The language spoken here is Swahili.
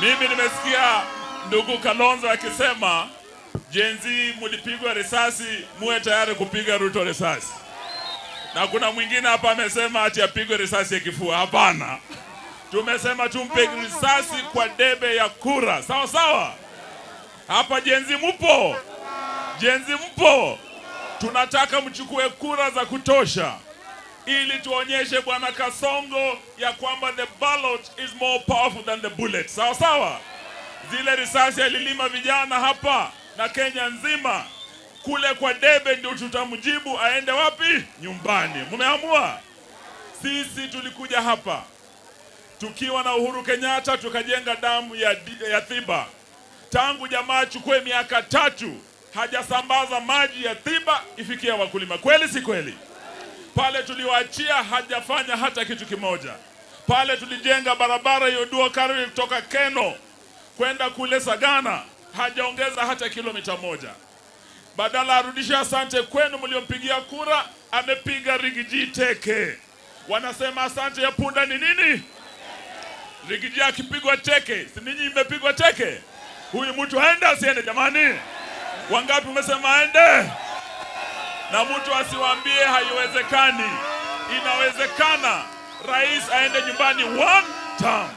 Mimi nimesikia ndugu Kalonzo akisema Gen Z mlipigwa risasi, muwe tayari kupiga Ruto risasi, na kuna mwingine hapa amesema ati apigwe risasi ya kifua. Hapana, tumesema tumpe risasi kwa debe ya kura, sawa sawa. Hapa Gen Z mupo? Gen Z mpo? Tunataka mchukue kura za kutosha ili tuonyeshe Bwana Kasongo ya kwamba the ballot is more powerful than the bullet. Sawa sawa, zile risasi alilima vijana hapa na Kenya nzima, kule kwa debe ndio tutamjibu aende wapi? Nyumbani. Mmeamua? Sisi tulikuja hapa tukiwa na Uhuru Kenyatta tukajenga damu ya, ya Thiba. Tangu jamaa chukue miaka tatu hajasambaza maji ya Thiba ifikia wakulima, kweli si kweli? Pale tuliwaachia hajafanya hata kitu kimoja. Pale tulijenga barabara yodua karibu kutoka Keno kwenda kule Sagana, hajaongeza hata kilomita moja. Badala arudishe asante kwenu mliompigia kura, amepiga rigiji teke. Wanasema asante ya punda ni nini? Rigiji akipigwa teke, si ninyi imepigwa teke? Huyu mtu aende asiende? Jamani, wangapi umesema aende? na mtu asiwaambie haiwezekani. Inawezekana. Rais aende nyumbani one time.